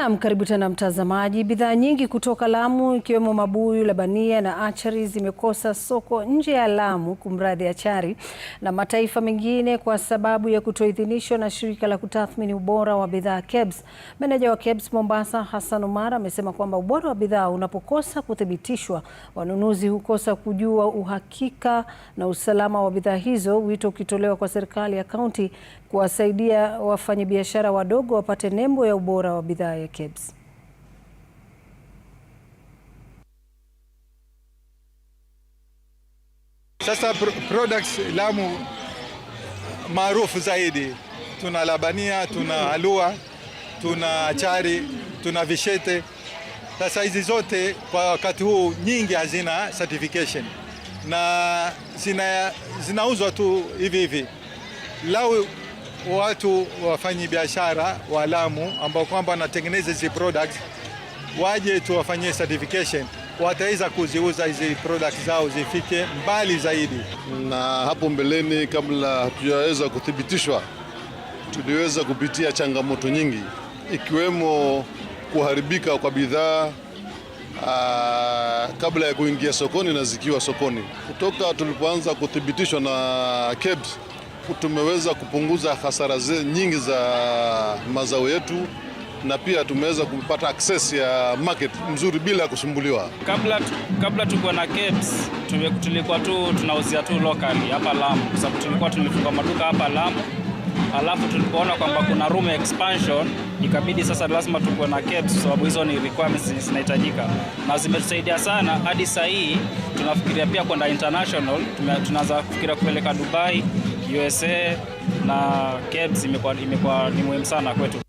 Naam, karibu tena mtazamaji. Bidhaa nyingi kutoka Lamu ikiwemo mabuyu, labania na achari zimekosa soko nje ya Lamu, kumradhi achari, na mataifa mengine kwa sababu ya kutoidhinishwa na shirika la kutathmini ubora wa bidhaa KEBS. Meneja wa KEBS Mombasa, Hassan Omar, amesema kwamba ubora wa bidhaa unapokosa kuthibitishwa, wanunuzi hukosa kujua uhakika na usalama wa bidhaa hizo, wito ukitolewa kwa serikali ya kaunti kuwasaidia wafanyabiashara wadogo wapate nembo ya ubora wa bidhaa ya Gibbs. Sasa products Lamu maarufu zaidi, tuna labania, tuna alua tuna achari, tuna vishete. Sasa hizi zote kwa wakati huu nyingi hazina certification na zinauzwa tu hivi hivi lau watu wafanyi biashara wa Lamu ambao kwamba wanatengeneza hizi products waje tuwafanyie certification, wataweza kuziuza hizi products zao zifike mbali zaidi. Na hapo mbeleni, kabla hatujaweza kuthibitishwa, tuliweza kupitia changamoto nyingi, ikiwemo kuharibika kwa bidhaa ah, kabla ya kuingia sokoni na zikiwa sokoni. Kutoka tulipoanza kuthibitishwa na KEBS tumeweza kupunguza hasara nyingi za mazao yetu na pia tumeweza kupata access ya market mzuri bila kusumbuliwa. Kabla, kabla tuko na caps, tulikuwa tu tunauzia tu locally hapa Lamu, kwa sababu tulikuwa tumefunga maduka hapa Lamu, alafu tulipoona kwamba kuna room expansion, ikabidi sasa lazima tukuwe na caps, sababu hizo ni requirements zinahitajika, na zimetusaidia sana hadi sasa hii tunafikiria pia kwenda international, tunaanza kufikiria kupeleka Dubai USA na KEBS imekuwa ni muhimu sana kwetu.